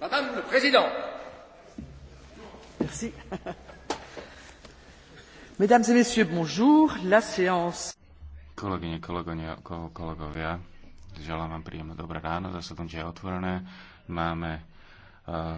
Madame le Président. Merci. Mesdames et messieurs, bonjour. La séance. Kolegyne, kolegovia, kolegovia, želám vám príjemné dobré ráno, zasadnutie je otvorené. Máme uh,